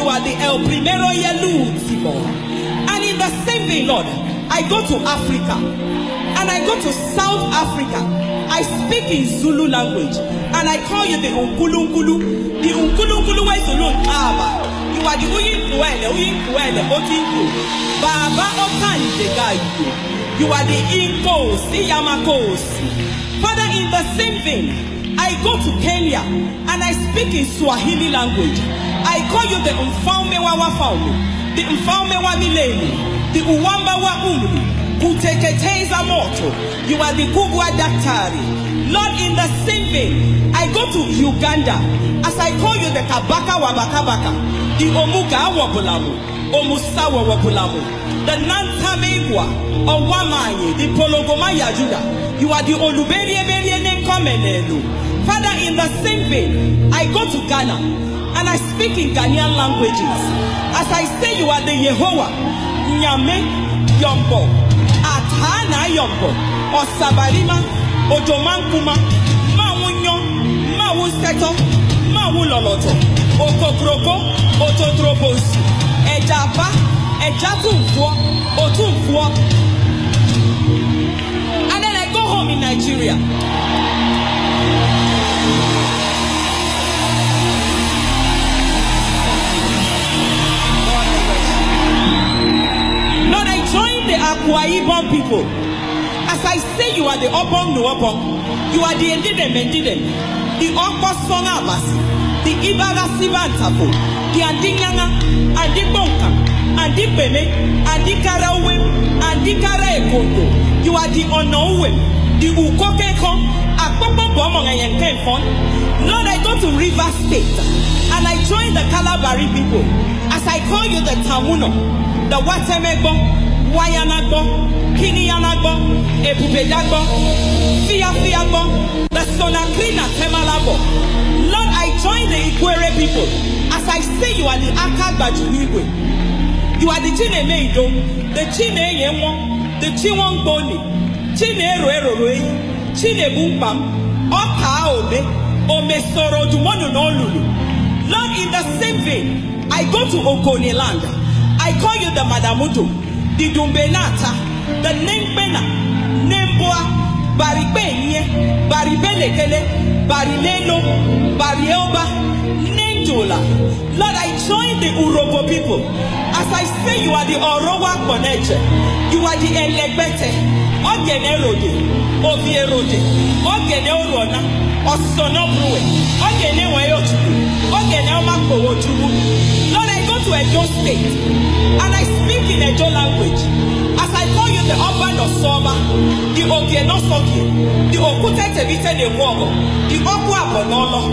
you are the El Primero y el Último. And in the same way, Lord, I go to Africa and I go to South Africa. I speak in Zulu language and I call you the Unkulunkulu, the Unkulunkulu way ah, Zulu Baba. You are the Uyinkuele, Uyinkuele, Okinku, Baba Otandegayu. You are the Inkos, the Yamakos. Father, in the same vein, I go to Kenya and I speak in Swahili language. I call you the mfalme wa wafalme, the mfalme wa milele, the uwamba wa umri, kuteketeza moto. You are the Gugwa Daktari. Lord, in the same vein, I go to Uganda as I call you the Kabaka Wabakabaka, the Omuga Wabulamu, Omusawa Wabulamu, the Nantamegwa, Owamanyi, the Pologoma ya Yajuda. You are the Oluberieberiene Komenelu. Father, in the same vein, I go to Ghana And I speak in Ghanaian languages. As I say, you are the Yehovah, Nyame Yombo, Atana Yombo, Osabarima, Ojomankuma, Mawunyo, Mawuseto, Mawuloloto, Okokroko, Ototrobosu, Ejapa, Ejatunfuo, Otunfuo. And then I go home in Nigeria. Akwa Ibom people. As I say, you are the Obong Nuopong, you are the Endidem Endidem, the Okosong Abbas, the Ibara Sibantapo, the Adinyanga, Adibonka, Adipeme, Adikarawe, Adikara Ekondo. You are the Onowe. the ukokeko akpọkpọpọ ọmọ ẹyẹn kẹfọn lord i go to rivers state and i join the kalabari people as i call you the tamuno the watemegbo wáyà la gbọ́ kíníyà la gbọ́ èbùbè gbọ́ fíyàfíyà gbọ́ gbẹ̀sọ̀nà kírínà tẹ́mà bọ̀ Lord I join the Igwere people as I say you are the Akagbaju Igwe you are the Chineme Ido the Chineye Nwo the Chinwongboni Chinero Eroro Eyi Chinebu Mkpam Ọka Obe Omesoro Odumonu na Olulu Lord in the same vein I go to Okoneland I call you the Madamuto didumbenata the nimpena nemboa baripenye baribelekele barilelo barioba nendola lord i join the urobo people as i say you are the orowa koneche you are the elegbete oge ogene erode obi erode ogene orona osonobruwe ogene weyochukwu ogene omakowochukwu lord i go to edo state and i speak in edo language as i call you the urban of soma the ogenosogie the okutetebitenewogo the okwu abonolo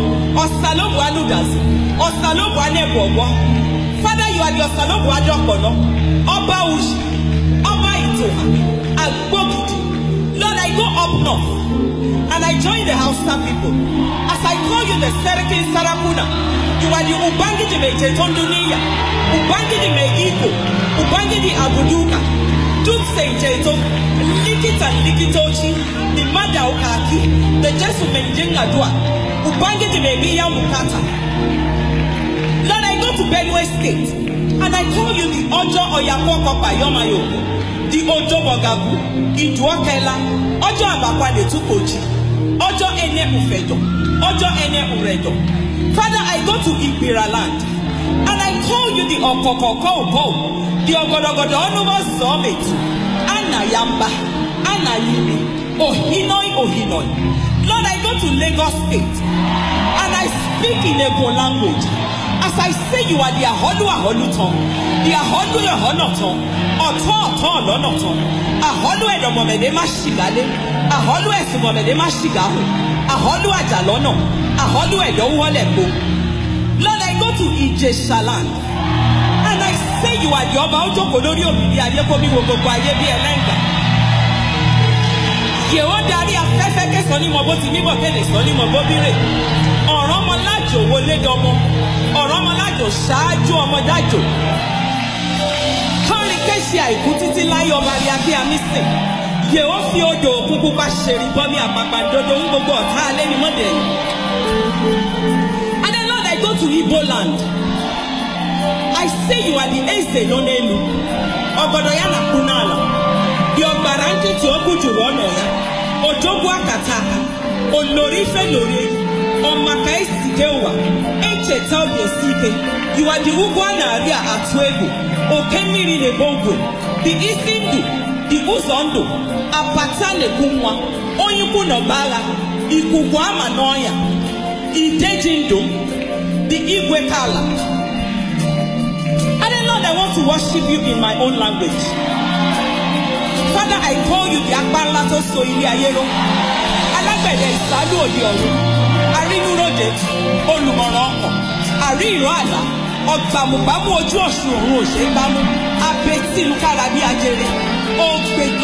osalogbu anudazi osalogbu anebogbo father you are the osalogbu adopono ọba uji ọba itoha Agbogidi. Lord, I go up north and I join the Hausa people. As I call you the Serikin Sarakuna, you are the Ubangi Ubangiji Ubangi Ubangiji Meiko, Ubangiji Abuduka, Dukse Jeto, Likita Likitochi, the Mada Okaki, the Jesu Menjenga Dua, Ubangiji Mebiya Mukata. Lord, I go to Benue State. And I call you the Ojo Oyakokopa Yomayoku, the Ojo Bogabu, Iduokela, Ojo abakwa Abakwale Tukoji, Ojo Ene Ufedo, Ojo Ene Uredo. Father, I go to Ibira land and I call you the Okokokopo, the Ogodogodo Onuba Summit, Ana Yamba, Ana Yimi, Ohinoi Ohinoi. Lord, I go to Lagos State and I speak in Igbo language. I say you are the àhọ́nú àhọ́nú tán the àhọ́nú ẹ̀họ́nà tán ọ̀tán ọ̀tán ọ̀lọ́nà tán àhọ́nú ẹ̀dọ̀ mọ̀mẹ̀dẹ́ má ṣìgálé àhọ́nú ẹ̀sìn mọ̀mẹ̀dẹ́ má ṣìgáhùn àhọ́nú àjàlọ́nà àhọ́nú ẹ̀dọ̀ wọlé po Lord I go to Ijesha and I say you are the ọba ó jókòó lórí òbíbi ayé kó mi wo gbogbo ayé bí ẹlẹ́ngà yèwó darí afẹ́fẹ́ kẹsàn-án ní mọ̀ bó ti mímọ̀ tẹ̀lé sàn ní mọ̀ bó bírè ọ̀rọ̀ ọmọ lájòwó lédọ́mọ́ àjò ṣáájú ọmọ dájò kọrin kẹsì àìkú títí láyé ọmọ àlẹ abíyamísìn yèó fi odò òkun pupa ṣèrí bọmi àpàpàǹdodo ń gbogbo ọ̀tá alẹ́ ní mọ́dẹ̀ yìí. And then Lord, I go to Igbo land. I say you are the ace Eze Lonelu, ọgọdọ ya na Kunala, the ọgbara nkịtị okwu juru ọnọ ya, odogwu akata aka, olori ife lori, ọmaka esike ụwa, ncheta obi esi ike yiwadi ugwu a na-arị atụ egwu oke mmiri na-ebo dị isi ndụ dị ụzọ ndụ apata na-ekwu nwa onye ukwu na ọba ikuku ama n'ọnya ideji ndụ dị igwe ka ala I I want to worship you in my own language. Father, I call you the Akbalato Soili Ayero. Alágbẹ̀dẹ ìsálú òde ọ̀run arínúròde olùmọ̀ràn ọkàn àrí ìró àlá ọgbàmùgbàmù ojú ọ̀sùn òun òṣè gbámú abetí ìlú kára bí ajere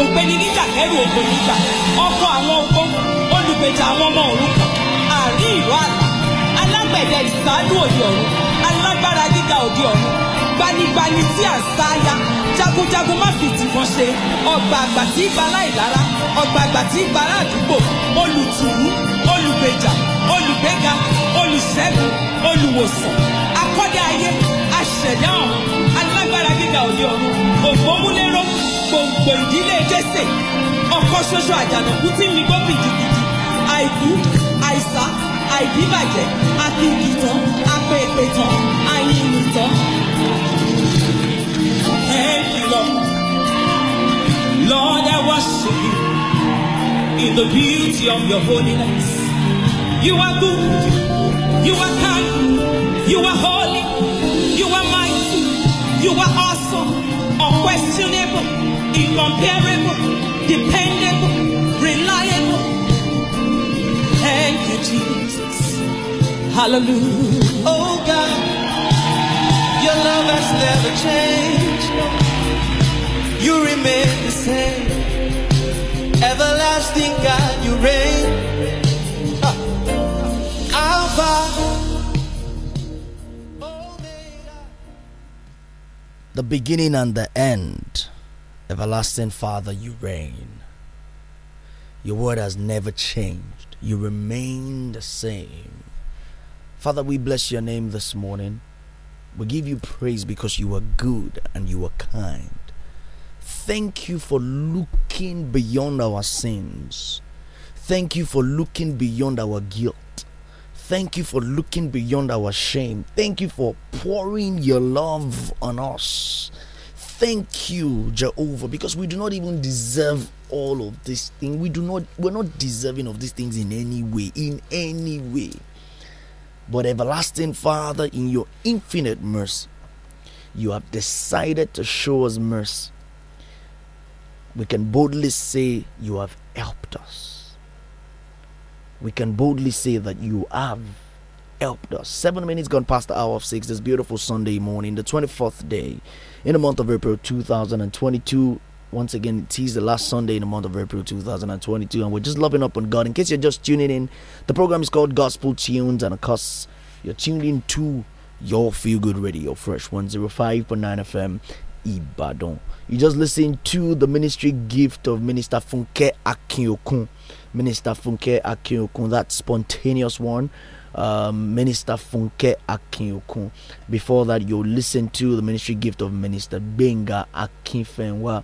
ògbéni níjà kẹrù ògbò níjà ọkọ àwọn ọkọ olùgbèjà àwọn ọmọ òrukàn àrí ìró àlá alágbẹ̀dẹ ìsáájú òde ọ̀run alágbára gíga òde ọ̀run gbanigbani tí à ń sáyà jagunjagun má fi tìbọn ṣe ọgbà àgbà tí ì gba láìlára ọgbà àgbà tí ì gba aládùúgbò olùtùrú olùgbèjà olùgbéga olùṣẹ́gun olùwòsàn akọ́dé ayé aṣẹ̀dá alágbára gíga òde ọ̀run ògbómúléró gbòǹgbò ìdílé jésè ọkọ ṣoṣo àjànàkú tí mi gbó pìjìpìjì àìkú àìsá àìdíbàjẹ́ akíkìtàn apèpètàn àyìnìtàn. Lord, I worship you in the beauty of your holiness. You are good. You are kind. You are holy. You are mighty. You are awesome. Unquestionable. Incomparable. Dependable. Reliable. Thank you, Jesus. Hallelujah. Oh God. Your love has never changed. You remain the same. Everlasting God, you reign. the beginning and the end. Everlasting Father, you reign. Your word has never changed. You remain the same. Father, we bless your name this morning. We give you praise because you are good and you are kind. Thank you for looking beyond our sins. Thank you for looking beyond our guilt. Thank you for looking beyond our shame. Thank you for pouring your love on us. Thank you, Jehovah, because we do not even deserve all of this thing. We do not we're not deserving of these things in any way, in any way. But everlasting Father, in your infinite mercy, you have decided to show us mercy. We can boldly say you have helped us we can boldly say that you have helped us. Seven minutes gone past the hour of six this beautiful Sunday morning, the 24th day in the month of April 2022. Once again, it is the last Sunday in the month of April 2022, and we're just loving up on God. In case you're just tuning in, the program is called Gospel Tunes, and of course, you're tuned in to your Feel Good Radio, Fresh 105.9 FM, Ibadan. You just listen to the ministry gift of Minister Funke Akinyokun Minister Funke Akinyokun, that spontaneous one. Um, Minister Funke Akinyokun. Before that, you'll listen to the ministry gift of Minister Benga Akinfenwa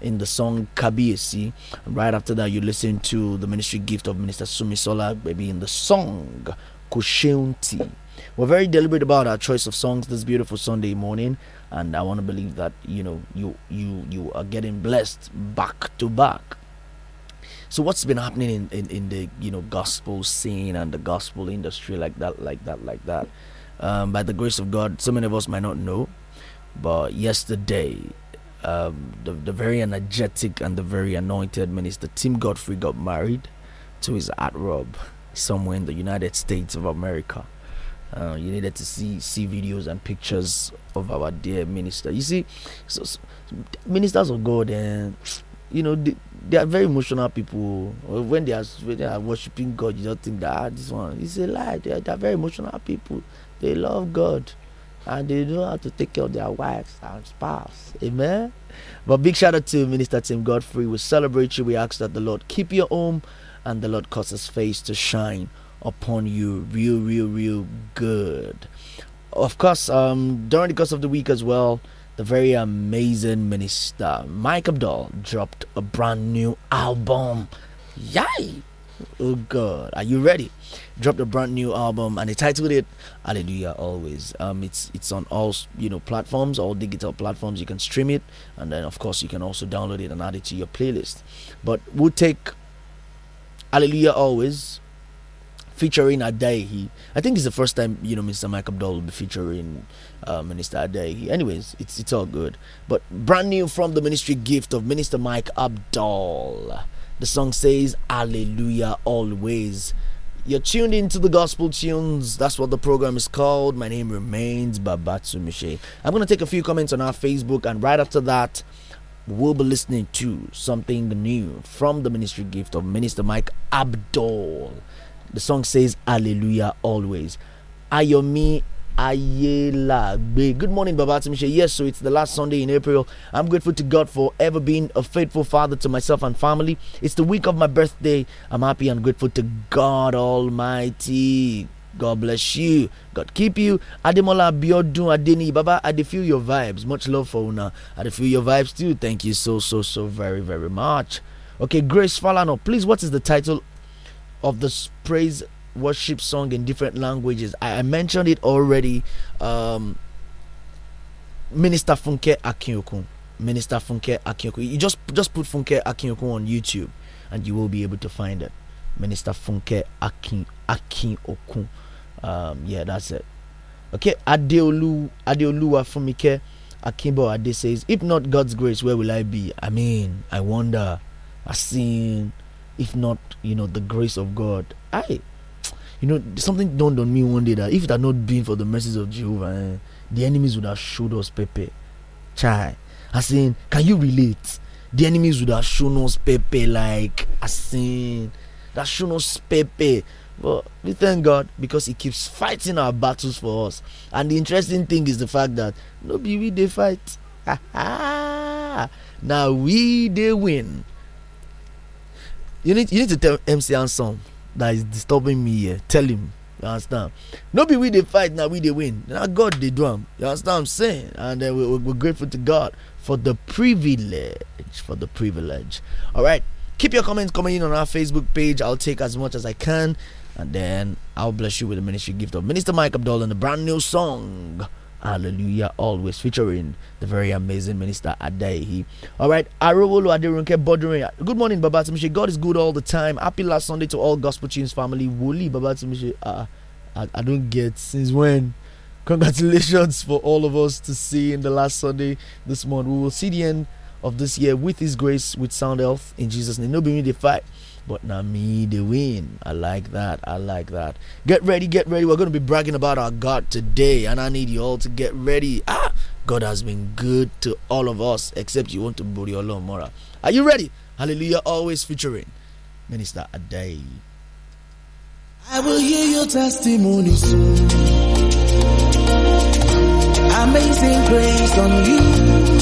in the song Kabiesi. Right after that, you listen to the ministry gift of Minister Sumisola, maybe in the song Kusheunti. We're very deliberate about our choice of songs this beautiful Sunday morning, and I want to believe that you know you you you are getting blessed back to back. So what's been happening in, in, in the you know gospel scene and the gospel industry like that, like that, like that? Um, by the grace of God, so many of us might not know, but yesterday, um, the the very energetic and the very anointed minister Tim Godfrey got married to his art rob somewhere in the United States of America. Uh, you needed to see see videos and pictures of our dear minister. You see, so, so ministers of God, and eh, you know, the, they are very emotional people. When they are when they are worshiping God, you don't think that ah, this one is a lie. They are, they are, very emotional people. They love God, and they know how to take care of their wives and spouse. Amen. But big shout out to Minister Tim Godfrey. We celebrate you. We ask that the Lord keep your home, and the Lord cause His face to shine upon you, real, real, real good. Of course, um, during the course of the week as well the very amazing minister Mike Abdul dropped a brand new album. Yay! Oh God, are you ready? Dropped a brand new album and they titled it "Hallelujah Always." Um, it's it's on all you know platforms, all digital platforms. You can stream it, and then of course you can also download it and add it to your playlist. But we'll take "Hallelujah Always" featuring he I think it's the first time you know Mr. Mike Abdul will be featuring uh, Minister Adehi. Anyways, it's it's all good. But brand new from the ministry gift of Minister Mike Abdul. The song says Hallelujah always. You're tuned into the Gospel Tunes. That's what the program is called. My name remains Babatsu Miche. I'm going to take a few comments on our Facebook, and right after that, we'll be listening to something new from the ministry gift of Minister Mike Abdul. The song says Hallelujah always. Ayomi Ayelagbe. Good morning, Baba Timisha. Yes, so it's the last Sunday in April. I'm grateful to God for ever being a faithful father to myself and family. It's the week of my birthday. I'm happy and grateful to God Almighty. God bless you. God keep you. Ademola Biodun Adeni Baba, I feel your vibes. Much love for Una. I feel your vibes too. Thank you so, so, so very, very much. Okay, Grace Falano, please, what is the title of this praise worship song in different languages. I, I mentioned it already. Um, Minister Funke Akinyokun. Minister Funke Akinyokun. You just just put Funke Akinyokun on YouTube, and you will be able to find it. Minister Funke Akin Akinyokun. Um, yeah, that's it. Okay, Adeolu Adeoluwa Fumike Akimbo Ade says, "If not God's grace, where will I be? I mean, I wonder. I seen." if not you know the grace of god i you know something dawned on me one day that if it had not been for the mercies of jehovah eh, the enemies would have showed us pepe chai i say, can you relate the enemies would have shown us pepe like i say, that shown us pepe but we thank god because he keeps fighting our battles for us and the interesting thing is the fact that no we they fight now we they win you need you need to tell MC Anson that is disturbing me here. Tell him. You understand? No be we they fight, now we they win. Now God they do them. You understand what I'm saying? And then uh, we, we're grateful to God for the privilege. For the privilege. All right. Keep your comments coming in on our Facebook page. I'll take as much as I can. And then I'll bless you with a ministry gift of Minister Mike Abdul and a brand new song. Hallelujah, always featuring the very amazing minister Adehi. All right, Arowolo Aderunke Bodrin. Good morning, Baba Timishi. God is good all the time. Happy last Sunday to all Gospel Tunes family. Woli Baba Timishi. Uh, I, I don't get since when. Congratulations for all of us to see in the last Sunday this month. We will see the end of this year with His grace, with sound health in Jesus' name. No, be the fight but not me the win. I like that. I like that. Get ready, get ready. We're going to be bragging about our God today, and I need you all to get ready. Ah, God has been good to all of us, except you want to bury your long Mora. Are you ready? Hallelujah, always featuring Minister Aday. I will hear your testimony soon. Amazing grace on you.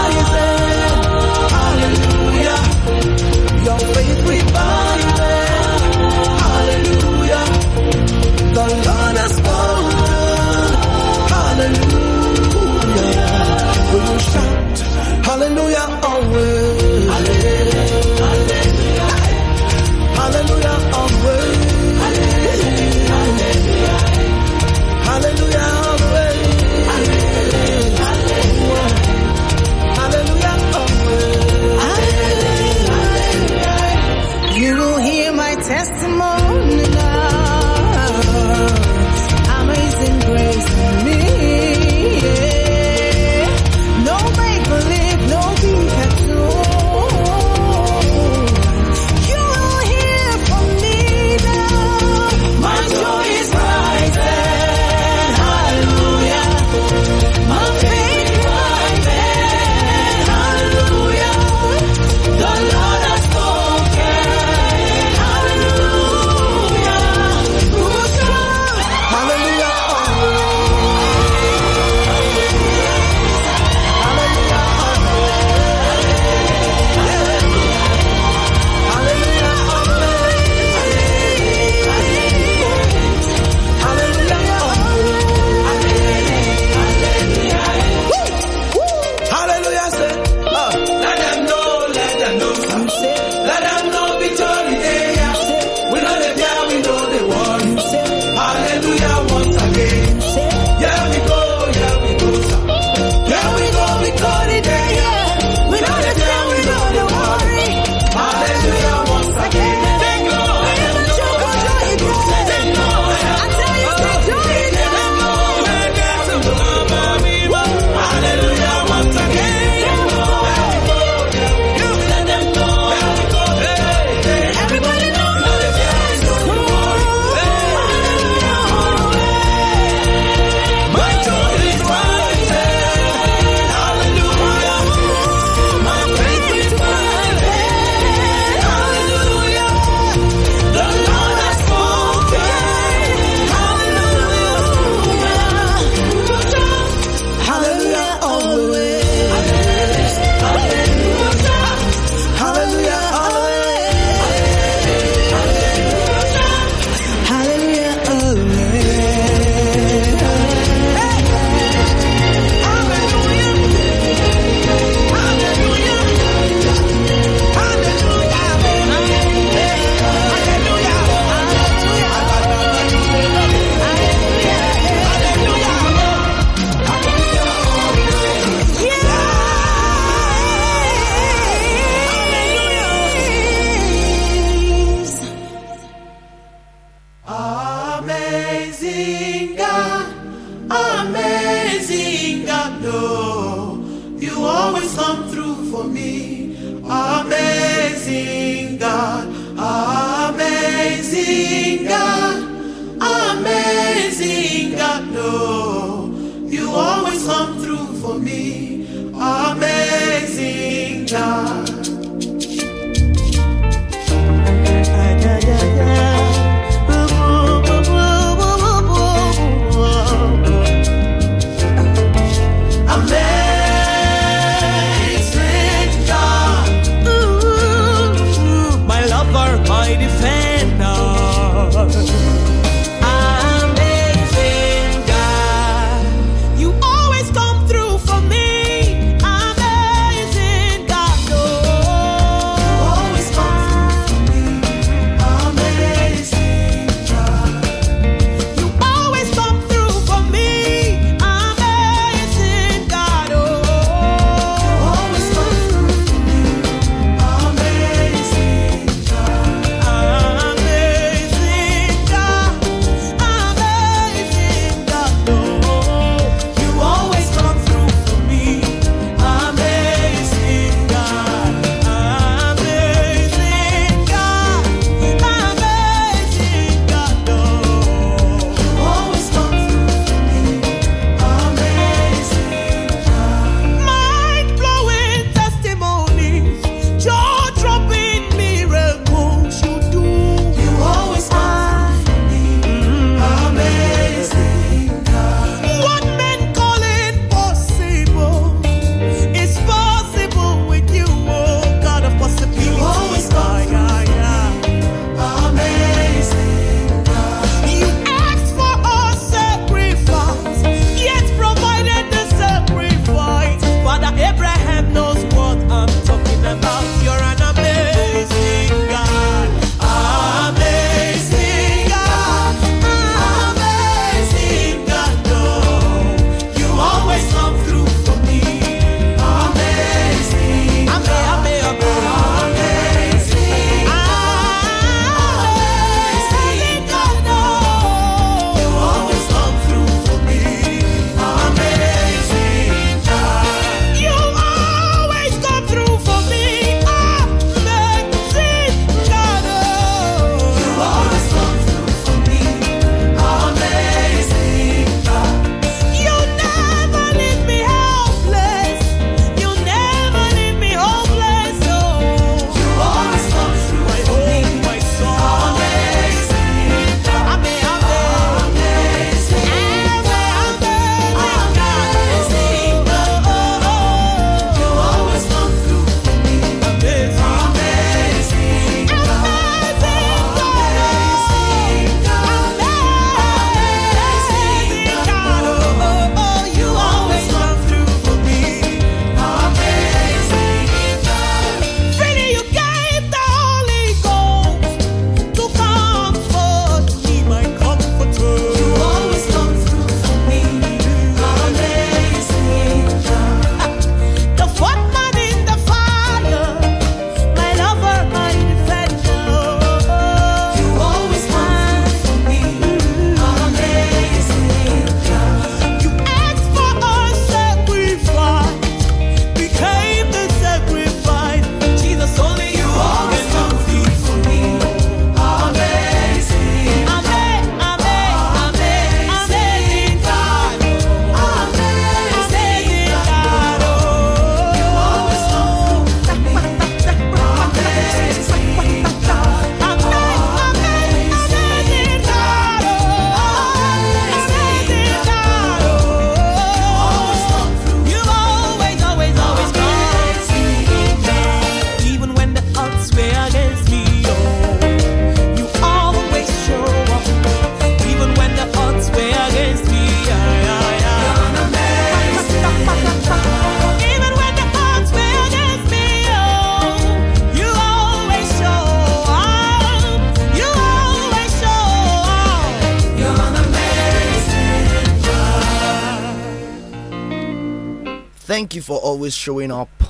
always showing up.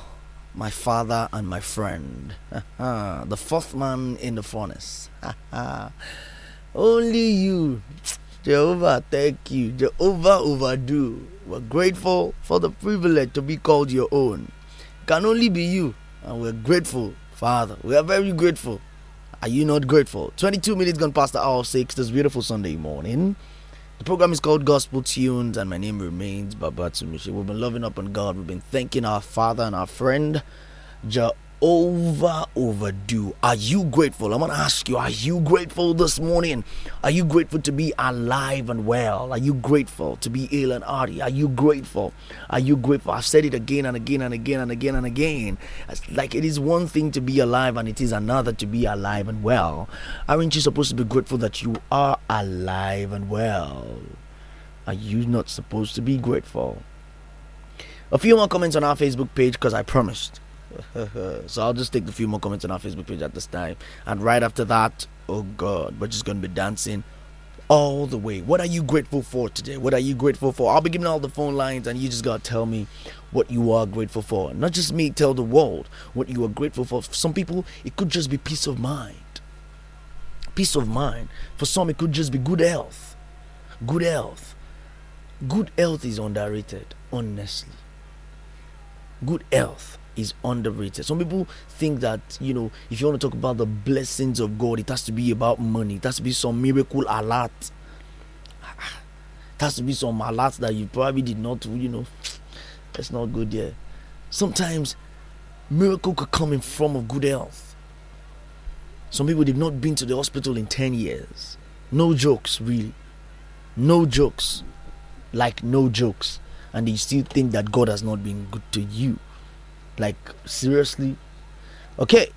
My father and my friend. the fourth man in the furnace. Only you. Jehovah, thank you. Jehovah overdo. We're grateful for the privilege to be called your own. Can only be you. And we're grateful, Father. We are very grateful. Are you not grateful? 22 minutes gone past the hour of 6 this beautiful Sunday morning. The program is called Gospel Tunes, and my name remains Babatunde. We've been loving up on God. We've been thanking our Father and our friend, Jehovah over overdue. Are you grateful? I want to ask you, are you grateful this morning? Are you grateful to be alive and well? Are you grateful to be ill and hearty? Are you grateful? Are you grateful? I've said it again and again and again and again and again. It's like it is one thing to be alive and it is another to be alive and well. Aren't you supposed to be grateful that you are alive and well? Are you not supposed to be grateful? A few more comments on our Facebook page because I promised. so I'll just take a few more comments on our Facebook page at this time. And right after that, oh God, we're just going to be dancing all the way. What are you grateful for today? What are you grateful for? I'll be giving all the phone lines, and you just got to tell me what you are grateful for. Not just me, tell the world what you are grateful for. For some people, it could just be peace of mind. Peace of mind. For some, it could just be good health. Good health. Good health is underrated, honestly. Good health is underrated. Some people think that, you know, if you want to talk about the blessings of God, it has to be about money. It has to be some miracle alert. It has to be some alert that you probably did not, you know. That's not good there. Sometimes miracle could come in form of good health. Some people did not been to the hospital in 10 years. No jokes, really. No jokes. Like no jokes. And you still think that God has not been good to you. Like, seriously? Okay.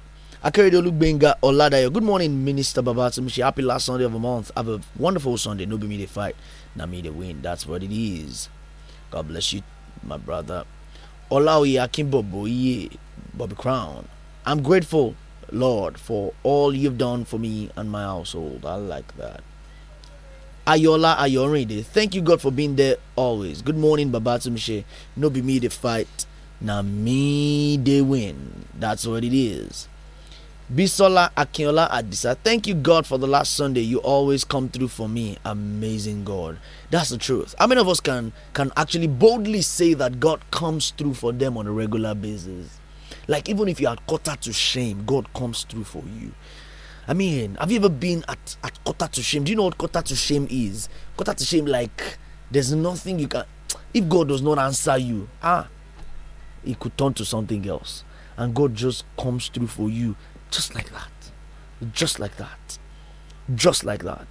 look Benga Oladayo. Good morning, Minister Babatunde. Happy last Sunday of the month. Have a wonderful Sunday. No be me the fight. na me the win. That's what it is. God bless you, my brother. Olawi Akimboboye, Bobby Crown. I'm grateful, Lord, for all you've done for me and my household. I like that. Ayola Ayorinde. Thank you, God, for being there always. Good morning, Babatunde. No be me the fight. Now me they win. That's what it is. Bisola Akinola Adisa, thank you, God, for the last Sunday. You always come through for me. Amazing God. That's the truth. How many of us can can actually boldly say that God comes through for them on a regular basis? Like even if you are quarter to shame, God comes through for you. I mean, have you ever been at, at quarter to shame? Do you know what quarter to shame is? Quarter to shame, like there's nothing you can if God does not answer you, ah, it could turn to something else. And God just comes through for you just like that. Just like that. Just like that.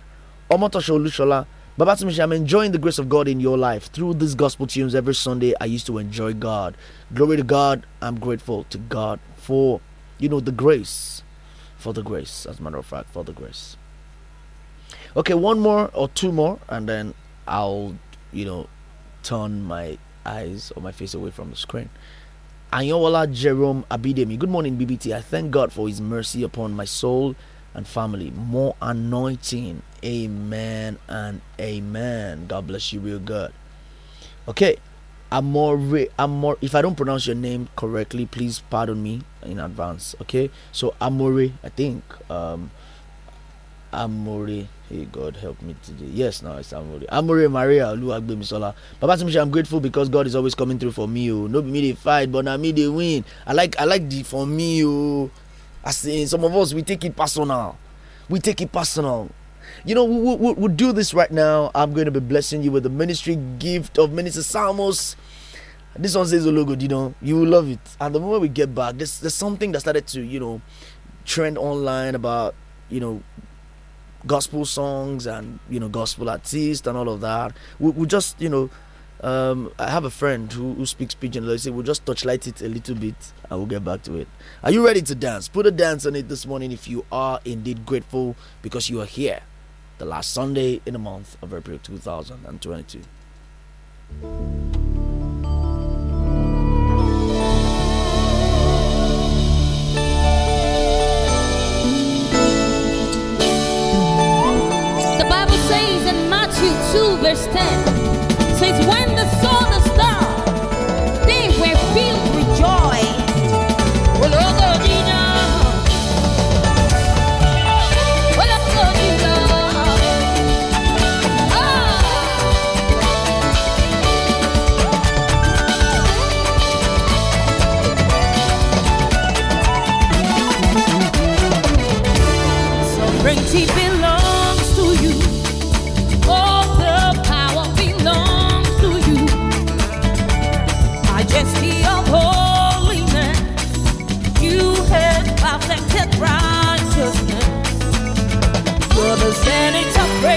Omotosho Olushola, Babatimishi, I'm enjoying the grace of God in your life. Through these gospel tunes every Sunday, I used to enjoy God. Glory to God. I'm grateful to God for, you know, the grace. For the grace, as a matter of fact, for the grace. Okay, one more or two more, and then I'll, you know, turn my eyes or my face away from the screen. Ayola Jerome Abidemi. Good morning, BBT. I thank God for his mercy upon my soul and family. More anointing. Amen and amen. God bless you, real good. Okay. Amore, more. if I don't pronounce your name correctly, please pardon me in advance. Okay, so Amore, I think. Um, Amore. Hey God, help me today. Yes, now it's Amore. Amore Maria Oluwagbemisola. Baba Timshi, I'm grateful because God is always coming through for me. Oh, no be me they fight, but now me they win. I like I like the for me. Oh, I see some of us we take it personal. We take it personal. You know, we'll, we'll, we'll do this right now. I'm going to be blessing you with the ministry gift of Minister Samos this one says a logo, you know you will love it and the moment we get back there's, there's something that started to you know trend online about you know gospel songs and you know gospel artists and all of that. We, we just you know, um, I have a friend who, who speaks pidgin. Let's say we'll just light it a little bit and we'll get back to it. Are you ready to dance? Put a dance on it this morning if you are indeed grateful because you are here, the last Sunday in the month of April 2022. 2, verse 10 says, When the Son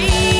away.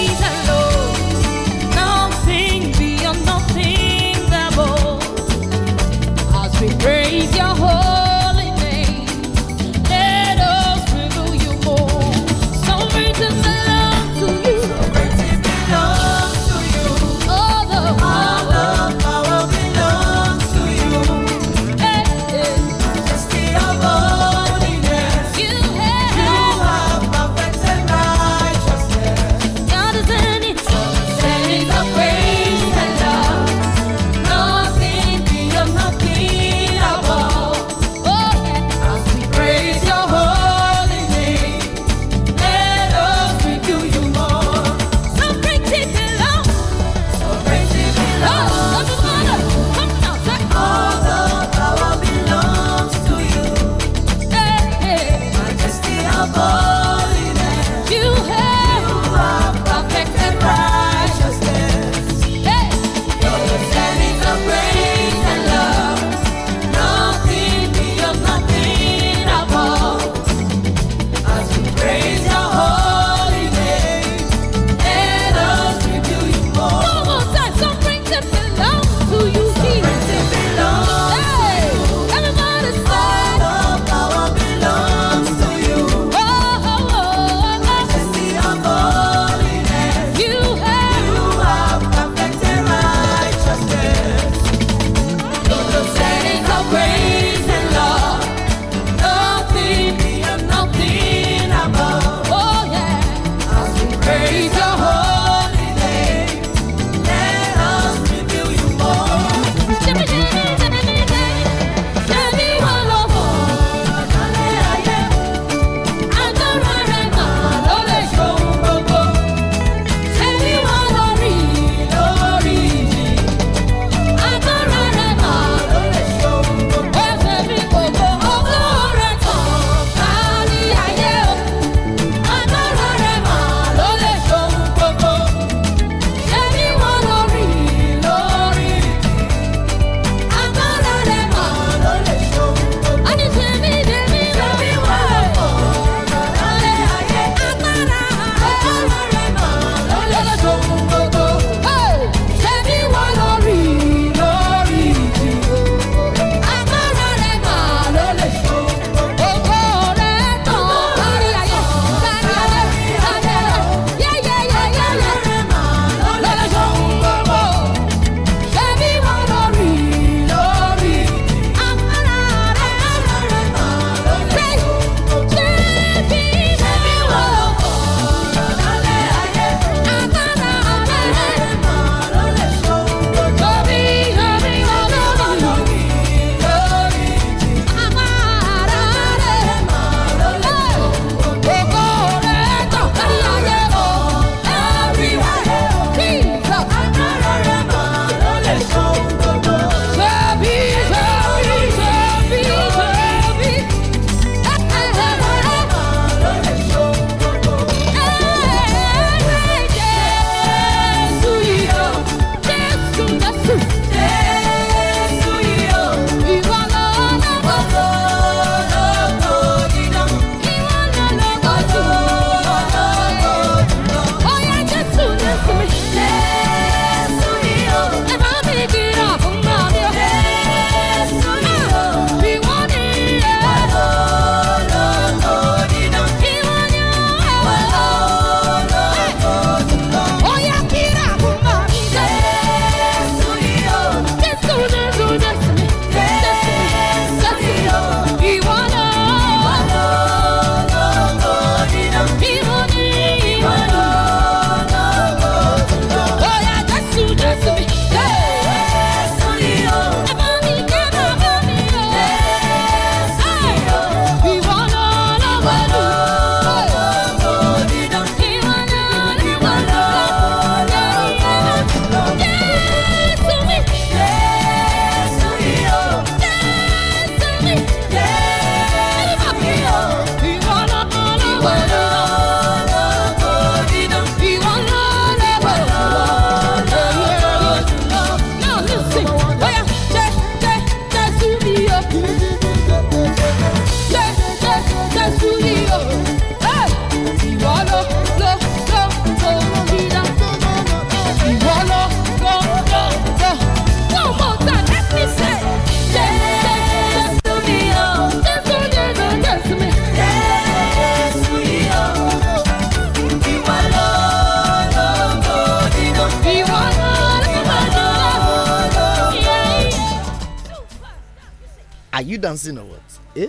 you dancing or what? Eh?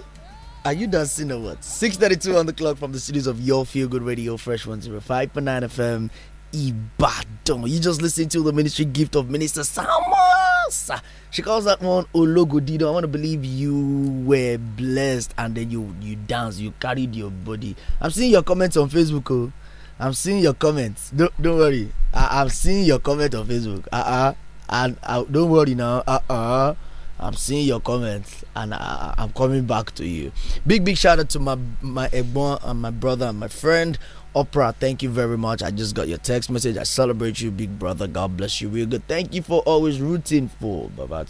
Are you dancing or what? 6.32 on the clock from the studios of Your Feel Good Radio, Fresh 105.9 FM, Ibadan. You just listen to the ministry gift of Minister Samos. She calls that one Ologodido. I want to believe you were blessed and then you you dance, you carried your body. I'm seeing your comments on Facebook. Oh. I'm seeing your comments. Don't, don't worry. I, I'm seeing your comment on Facebook. Uh uh. And uh, don't worry now. Uh uh. I'm seeing your comments and I, am coming back to you. Big big shout out to my my egbon and my brother and my friend Oprah. Thank you very much. I just got your text message. I celebrate you, big brother. God bless you real good. Thank you for always rooting for Baba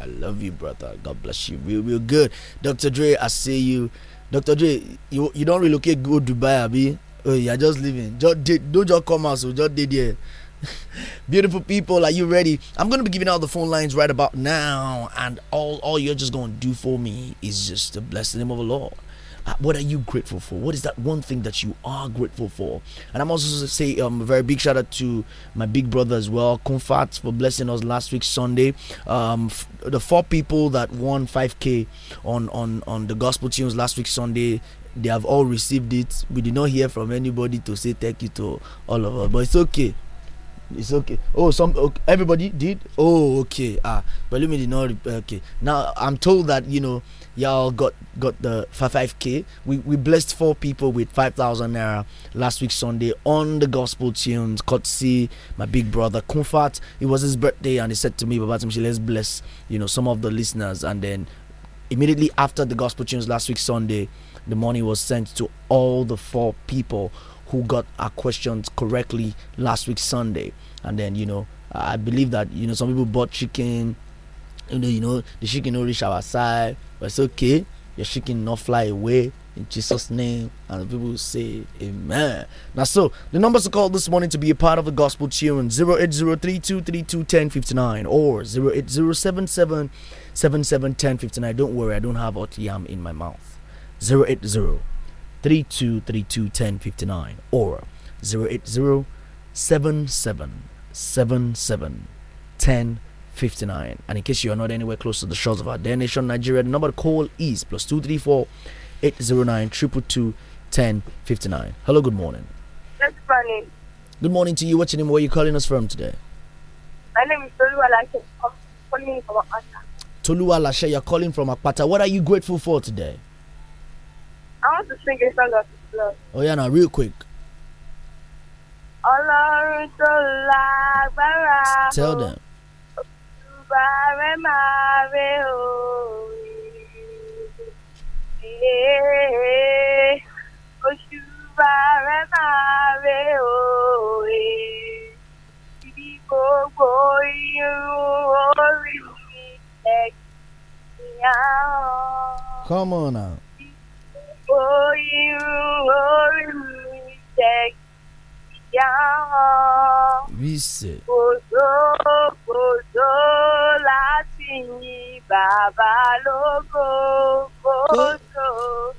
I love you, brother. God bless you real real good. Dr. Dre, I see you. Dr. Dre, you you don't relocate go Dubai, Abi. Oh, you're just leaving. Just don't just come out, so just did there. Beautiful people, are you ready? I'm gonna be giving out the phone lines right about now, and all all you're just gonna do for me is just to bless the name of the Lord. Uh, what are you grateful for? What is that one thing that you are grateful for? And I'm also to say um, a very big shout out to my big brother as well, Comfort, for blessing us last week Sunday. Um, f- the four people that won 5K on on on the gospel tunes last week Sunday, they have all received it. We did not hear from anybody to say thank you to all of us, but it's okay. It's okay. Oh, some okay. everybody did. Oh, okay. Ah, but let did not. Okay. Now I'm told that you know y'all got got the five k. We we blessed four people with five thousand naira last week Sunday on the gospel tunes. Kotsi, my big brother Kumfat. It was his birthday, and he said to me, "Baba Timshi, let's bless you know some of the listeners." And then immediately after the gospel tunes last week Sunday, the money was sent to all the four people who got our questions correctly last week Sunday. And then you know, I believe that you know some people bought chicken. You know, you know the chicken will reach our side, but it's okay. Your chicken not fly away in Jesus' name. And people say, Amen. Now, so the numbers to call this morning to be a part of the gospel cheering: 08032321059 or 08077771059. Don't worry, I don't have Otiam in my mouth. 080 Three two three two ten fifty nine, or 080 And in case you are not anywhere close to the shores of our dear nation, Nigeria, the number to call is plus 234 Hello, good morning. Good morning. Good morning to you. What's your name? Where are you calling us from today? My name is Toluwa Lashe. Toluwa Lashe, you're calling from Akpata. What are you grateful for today? I want to sing a song of His love. Oh yeah, now real quick. Ọlọ́run Tell them. Come on now. Wíṣẹ̀. Kòsó láti yin bàbá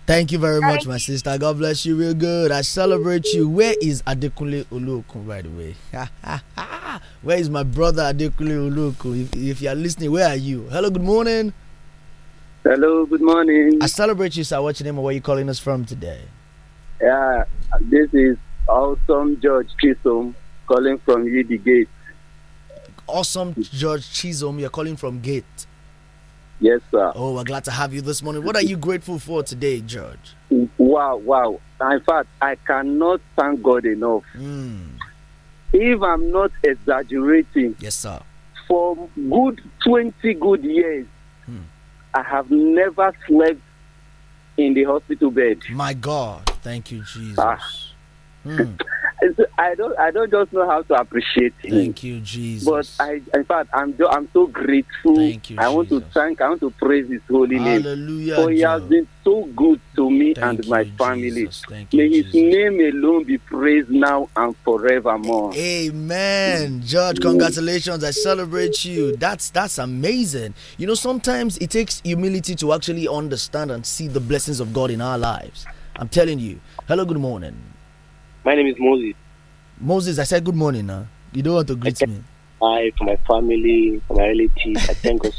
Thank you very much, my sister. God bless you real good. I celebrate you. Where is Adekunle Olokun, by the way? where is my brother Adekunle Olokun? If, if you are listening, where are you? Hello, good morning. Hello, good morning. I celebrate you, sir. What's your name and where you calling us from today? Yeah, this is Awesome George Chisholm calling from Yidi Gate. Awesome George Chisholm, you're calling from Gate. Yes, sir. Oh, we're glad to have you this morning. What are you grateful for today, George? Wow, wow. In fact, I cannot thank God enough. Mm. If I'm not exaggerating, yes, sir. For good 20 good years, I have never slept in the hospital bed. My God. Thank you, Jesus. Ah. Mm. I don't I don't just know how to appreciate him. Thank you, Jesus. But I in fact I'm do, I'm so grateful. Thank you. I want to thank I want to praise his holy Hallelujah, name. For he has been so good to me thank and you, my family. May his Jesus. name alone be praised now and forevermore. Amen. George, congratulations. I celebrate you. That's that's amazing. You know, sometimes it takes humility to actually understand and see the blessings of God in our lives. I'm telling you. Hello, good morning. My name is Moses. Moses, I said good morning. Huh? You don't want to greet me. I, for my family, for my relatives. I thank God.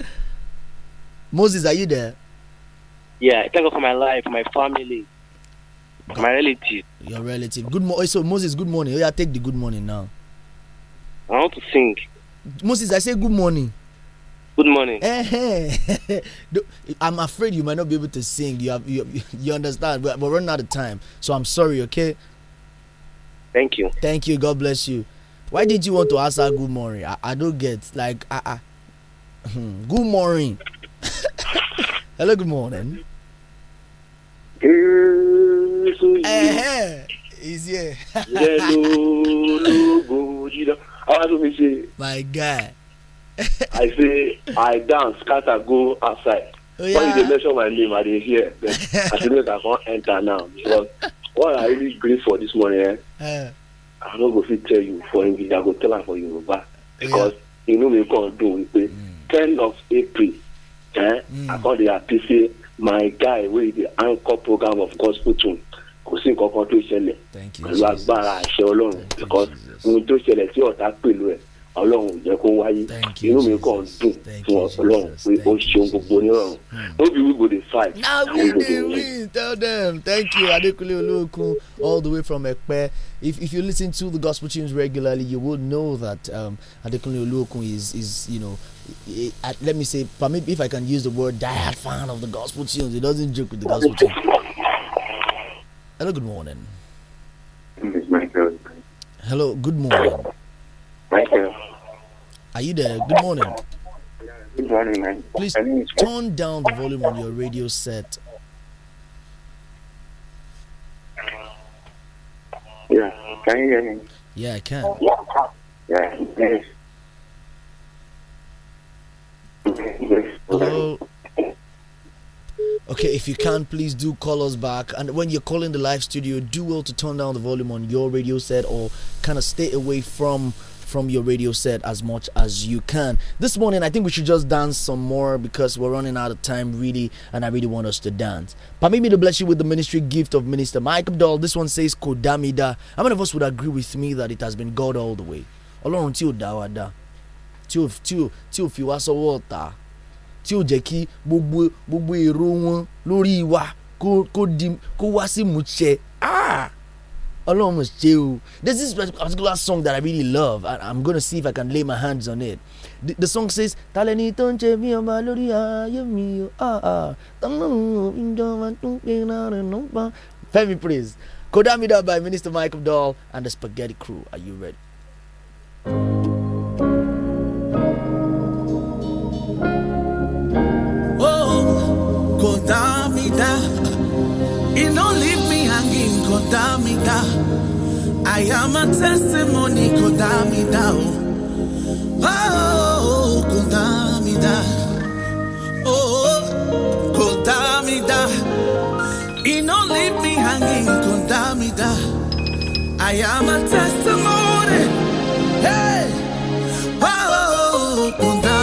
Moses, are you there? Yeah, I thank God for my life, for my family, for God. my relative. Your relative. Good morning. Eh, so Moses, good morning. Oh, yeah, take the good morning now. I want to sing. Moses, I say good morning. Good morning. Eh, eh. I'm afraid you might not be able to sing. You have you, you understand? We're, running out of time, so I'm sorry. Okay. Thank you. Thank you. God bless you. Why did you want to ask her good morning? I, I don't get like uh, uh, good morning. Hello, good morning. Is eh, here. My God. I say I dance, scatter go outside. Oh, yeah. When they mention my name, I dey hear. I say make I come enter now because what I really gree for this morning, eh, uh. I no go fit tell you for English, I go tell am for Yoruba oh, because yeah. you know me come do we say hmm. ten of April, eh, mm. I come dey happy say my guy wey dey anchor program of gospel tune kò sí nǹkan kan tó ṣẹlẹ̀ pẹ̀lú agbára àṣẹ Ọlọ́run because ohun tó ṣẹlẹ̀ sí ọ̀tá pẹ̀lú ẹ̀. ọlọ́run jẹ́ kó wáyé inú mi kàn dùn fún ọlọ́run pé ó ṣeun gbogbo onírọ̀rùn hmm. no be we go dey fight na we dey win tell them thank you adekunle olóòkun all the way from Ekpe if if you listen to the gospel tunes regularly you will know that um, adekunle olóòkun is is you know I, I, let me say permit if I can use the word diehard fan of the gospel tunes he doesn't joke with the gospel tunes. Hello, good morning. Hello, good morning. Michael. Are you there? Good morning. Good morning, man. Please turn down the volume on your radio set. Yeah, can you hear me? Yeah, I can. Yeah, yes. Hello. Okay, if you can, please do call us back. And when you're calling the live studio, do well to turn down the volume on your radio set or kind of stay away from from your radio set as much as you can. This morning, I think we should just dance some more because we're running out of time, really, and I really want us to dance. Permit me to bless you with the ministry gift of Minister Mike Abdul. This one says, Kodamida. How many of us would agree with me that it has been God all the way? Ọlọ́run tí ò dá wa dá, tí ò tí ò tí ò fi wá sọ́wọ́ ọ̀tá, tí ò jẹ́ kí gbogbo gbogbo èrò wọn lórí wa kó kó di kó wá sí Ah! Ọlọ́run must there's this particular song that I really love and I'm gonna see if I can lay my hands on it the, the song says talẹ́ni tó mí o maluri ayé mi o ah, ah. tọ́lọ́run ìjọba tó pé lára nọ́mbà. Femi Praise Kodamida by Minister Michael Dahl and the Spaghetti Crew are you ready? Oh, Kodamida, it do Kodamida. I am a testimony, Kodamida. Oh, Kodamida. Oh, Kodamida. He don't leave me hanging, Kodamida. I am a testimony. Hey, oh, Kodamida.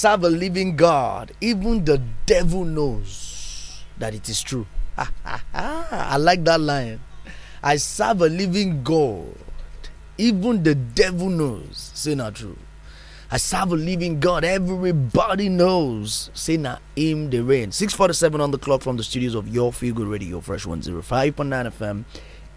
serve a living God, even the devil knows that it is true. I like that line. I serve a living God. Even the devil knows. Say not true. I serve a living God. Everybody knows. Say na him the rain. 647 on the clock from the studios of Your Feel Good Radio, Fresh 105.9 FM.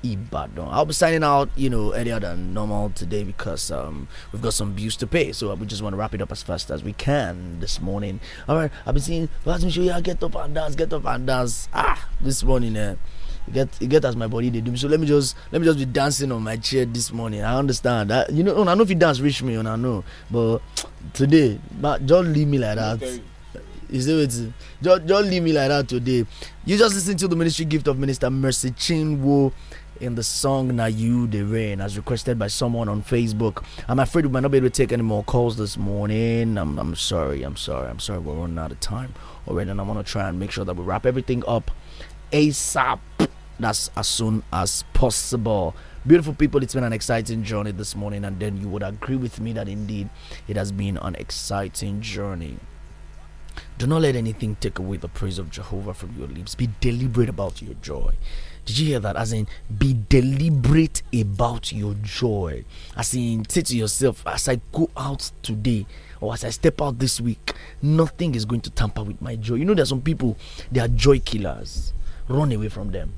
Ibadan. I'll be signing out, you know, earlier than normal today because um, we've got some bills to pay. So uh, we just want to wrap it up as fast as we can this morning. All right, I've been seeing, let me show you get up and dance, get up and dance. Ah, this morning, uh, you get get as my body they do me. So let me just let me just be dancing on my chair this morning. I understand that you know. I know if you dance reach me, and I know, but today, but just leave me like that. You see what? Just just leave me like that today. You just listen to the ministry gift of Minister Mercy Chinwo in the song Na You Rain as requested by someone on Facebook. I'm afraid we might not be able to take any more calls this morning. I'm, I'm sorry, I'm sorry, I'm sorry. We're running out of time already, and I want to try and make sure that we wrap everything up ASAP. That's as soon as possible. Beautiful people, it's been an exciting journey this morning, and then you would agree with me that indeed it has been an exciting journey. Do not let anything take away the praise of Jehovah from your lips. Be deliberate about your joy. Did you hear that? As in, be deliberate about your joy. As in, say to yourself, as I go out today or as I step out this week, nothing is going to tamper with my joy. You know, there are some people, they are joy killers. Run away from them.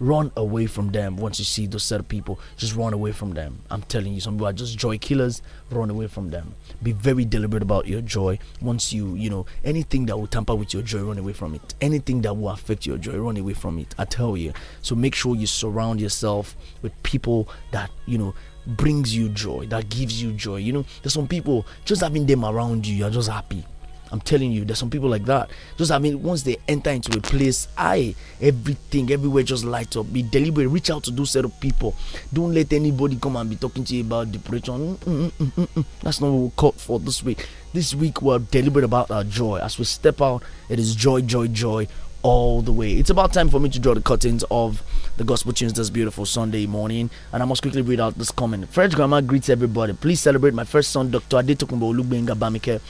Run away from them once you see those set of people. Just run away from them. I'm telling you, some people are just joy killers. Run away from them. Be very deliberate about your joy. Once you, you know, anything that will tamper with your joy, run away from it. Anything that will affect your joy, run away from it. I tell you. So make sure you surround yourself with people that, you know, brings you joy, that gives you joy. You know, there's some people just having them around you, you're just happy I'm telling you, there's some people like that. Just I mean, once they enter into a place, I everything everywhere just light up. Be deliberate. Reach out to those set of people. Don't let anybody come and be talking to you about depression. Mm mm, mm, mm, mm, That's not what we're caught for this week. This week we're deliberate about our joy. As we step out, it is joy, joy, joy all the way. It's about time for me to draw the curtains of the gospel tunes this beautiful Sunday morning. And I must quickly read out this comment. French grandma greets everybody. Please celebrate my first son, Dr. Adetokunbo Olugbenga Bamike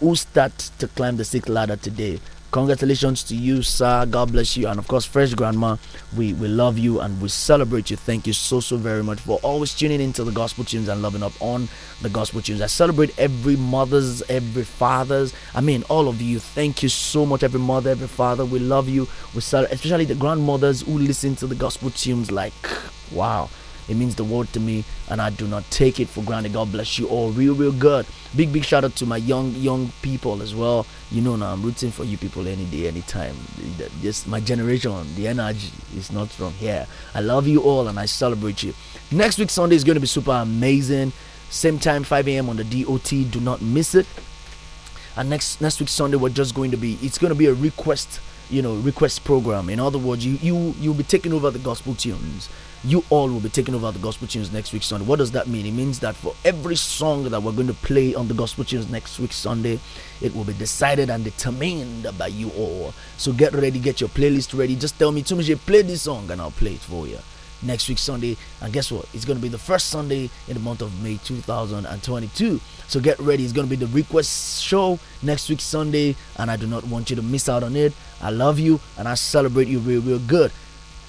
who start to climb the sixth ladder today. Congratulations to you, sir. God bless you. And of course, Fresh Grandma, we, we love you and we celebrate you. Thank you so, so very much for always tuning into the Gospel Tunes and loving up on the Gospel Tunes. I celebrate every mother's, every father's. I mean, all of you. Thank you so much, every mother, every father. We love you. We celebrate, especially the grandmothers who listen to the Gospel Tunes like, wow. It means the world to me, and I do not take it for granted. God bless you all. Real, real good. Big, big shout out to my young, young people as well. You know, now I'm rooting for you people any day, anytime. Just my generation, the energy is not from here. I love you all, and I celebrate you. Next week, Sunday is going to be super amazing. Same time, 5 a.m. on the DOT. Do not miss it. And next next week Sunday, we're just going to be. It's going to be a request you know request program in other words you you you'll be taking over the gospel tunes you all will be taking over the gospel tunes next week Sunday. What does that mean? It means that for every song that we're going to play on the gospel tunes next week Sunday, it will be decided and determined by you all. So get ready, get your playlist ready. Just tell me, Tumishi, play this song and I'll play it for you next week Sunday. And guess what? It's going to be the first Sunday in the month of May 2022. So get ready. It's going to be the request show next week Sunday. And I do not want you to miss out on it. I love you and I celebrate you real, real good.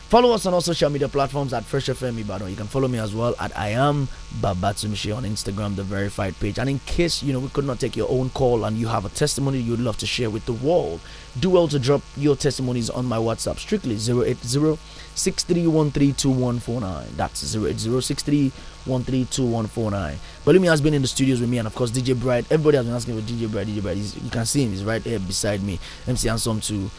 Follow us on all social media platforms at Fresh FM Ibadan. You can follow me as well at I am Babatunde on Instagram, the verified page. And in case you know we could not take your own call and you have a testimony you'd love to share with the world, do well to drop your testimonies on my WhatsApp strictly 080 That's 080 6313249. Balumi has been in the studios with me, and of course, DJ Bright. Everybody has been asking for DJ Bright. DJ Bright, he's, you can see him, he's right here beside me. MC Ansom too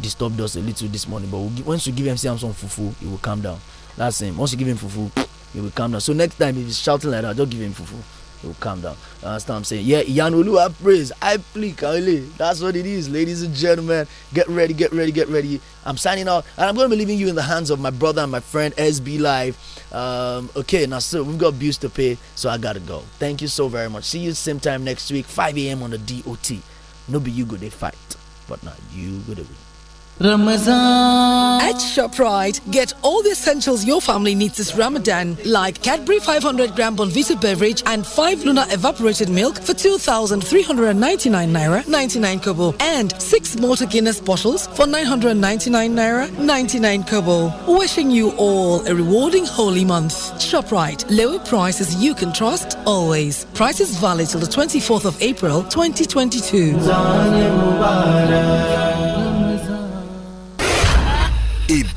disturbed us a little this morning, but we'll once you give him some some fufu, he will calm down. That's him. Once you give him fufu, he will calm down. So next time if he's shouting like that, just give him fufu. He will calm down. That's understand what I'm saying? Yeah, Yanolu, I praise. I plead, Kale. That's what it is, ladies and gentlemen. Get ready, get ready, get ready. I'm signing out, and I'm going to be leaving you in the hands of my brother and my friend SB Live. Um, okay, now so we've got bills to pay, so I gotta go. Thank you so very much. See you same time next week, 5 a.m. on the DOT. Nobody you go they fight, but not you go to win. Ramazan. At ShopRite, get all the essentials your family needs this Ramadan, like Cadbury 500 gram Bonvita beverage and 5 Luna evaporated milk for 2,399 naira 99 kobo, and 6 Mortar Guinness bottles for 999 naira 99 kobo. Wishing you all a rewarding holy month. ShopRite, lower prices you can trust always. Prices valid till the 24th of April 2022.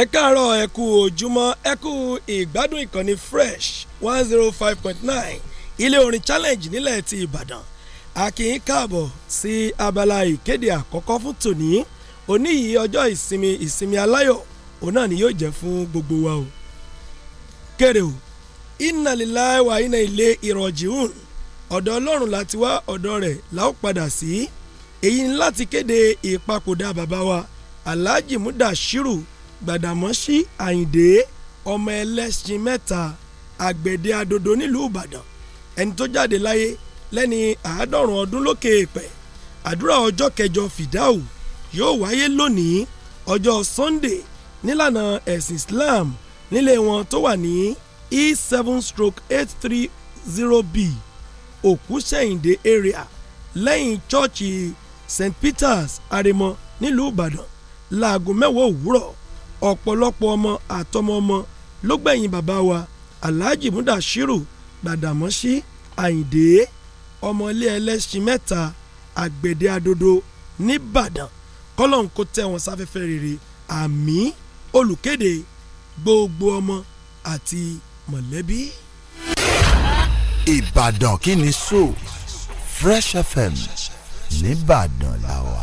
ẹ káàárọ̀ ẹ kú ojúmọ́ ẹ kú ìgbádùn ìkànnì fresh one zero oh five point nine ilé orin challenge nílẹ̀ ti ìbàdàn Akin káàbọ̀ sí abala ìkéde àkọ́kọ́ fún tòní òní yìí ọjọ́ ìsinmi ìsinmi aláyọ̀ òun náà ni yóò jẹ́ fún gbogbo wa o. kéré o inna lillahi wa inna ilaihi raji'un ọ̀dọ̀ ọlọ́run láti wá ọ̀dọ̀ rẹ̀ la ó padà sí èyí ni láti kéde ìpapòdà bàbá wa alhaji mudashiru Gbàdàmọ́sí Àyìndé ọmọ ẹlẹ́ṣin mẹ́ta àgbẹ̀dẹ adodo nílùú Ìbàdàn ẹni tó jáde láyé lẹ́ni àádọ́rùn ọdún lókè èèpẹ̀ àdúrà ọjọ́ kẹjọ fìdáù yóò wáyé lónìí ọjọ́ Sunday nílànà ẹ̀sìn Islam nílé wọn tó wà ní e seven stroke eight three zero b Òkúṣẹ̀yìndé area lẹ́yìn chọ́ọ̀chì St Peter's Aremọ nílùú Ìbàdàn láago mẹ́wàá òwúrọ̀ ọ̀pọ̀lọpọ̀ ọmọ àtọmọ ọmọ ló gbẹ̀yìn bàbá wa alhaji mudashiru gbàdàmọ́sí àyìndé ọmọ ilé ẹlẹ́sìn mẹ́ta àgbẹ̀dẹ adodo nìbàdàn kọ́lọ́n kó tẹ́ wọn sáfẹ́fẹ́ rere àmì olùkéde gbogbo ọmọ àti mọ̀lẹ́bí. ìbàdàn kí ni so Fresh FM nìbàdàn làwà.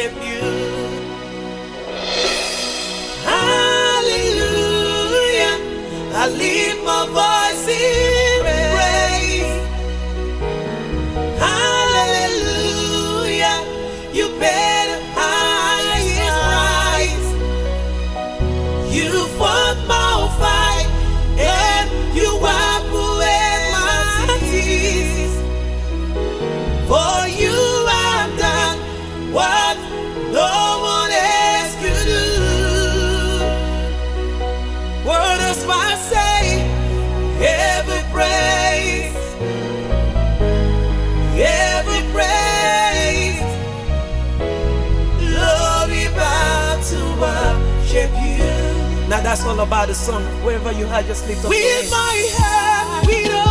worship you. Hallelujah. Hallelujah. That's all about the sun. Wherever you are, just lift up. With my hand,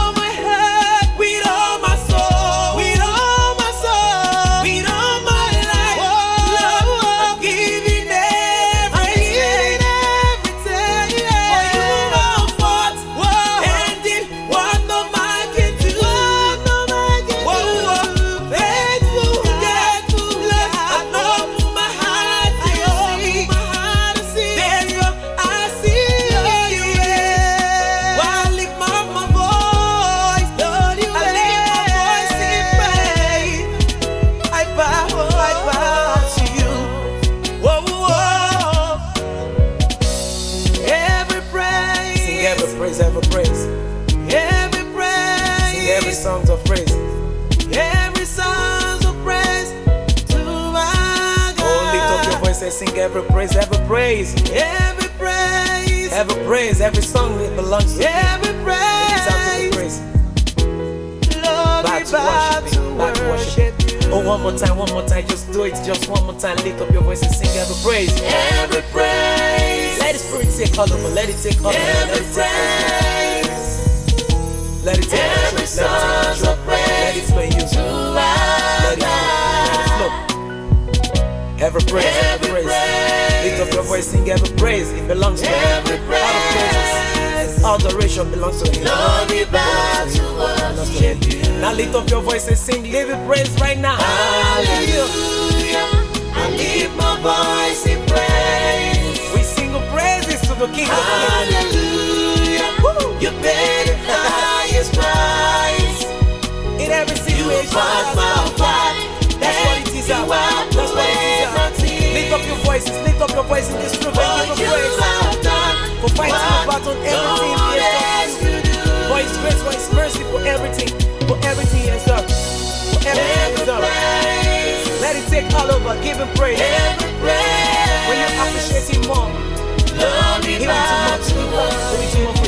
every praise, every praise, every praise, every praise, every song it belongs to. Every you. praise, every praise. Lord, back to back to back worship. worship. Oh, one more time, one more time, just do it, just one more time. Lift up your voice and sing every praise, every praise. Let the spirit take all over, let it take all over, let it take all over. Let it take every song of praise. Let it play you. every praise, every praise. Lift up your voice, sing every praise. It belongs to Him. Every praise. Adoration belongs to Him. Lord, we bow to worship Now lift up your voice and sing, live in praise right now. Hallelujah. I lift my voice in praise. We sing praises to the King Hallelujah. Woo. You paid the highest price. In every situation. You fought my fight. Lift up your voices, lift up your voice in this room and give praise for fighting the battle everything he has done. For his grace, for his mercy, for everything, for everything he has done, for everything he has done. Let it take all over, give him praise. When you appreciate him more, he will do more.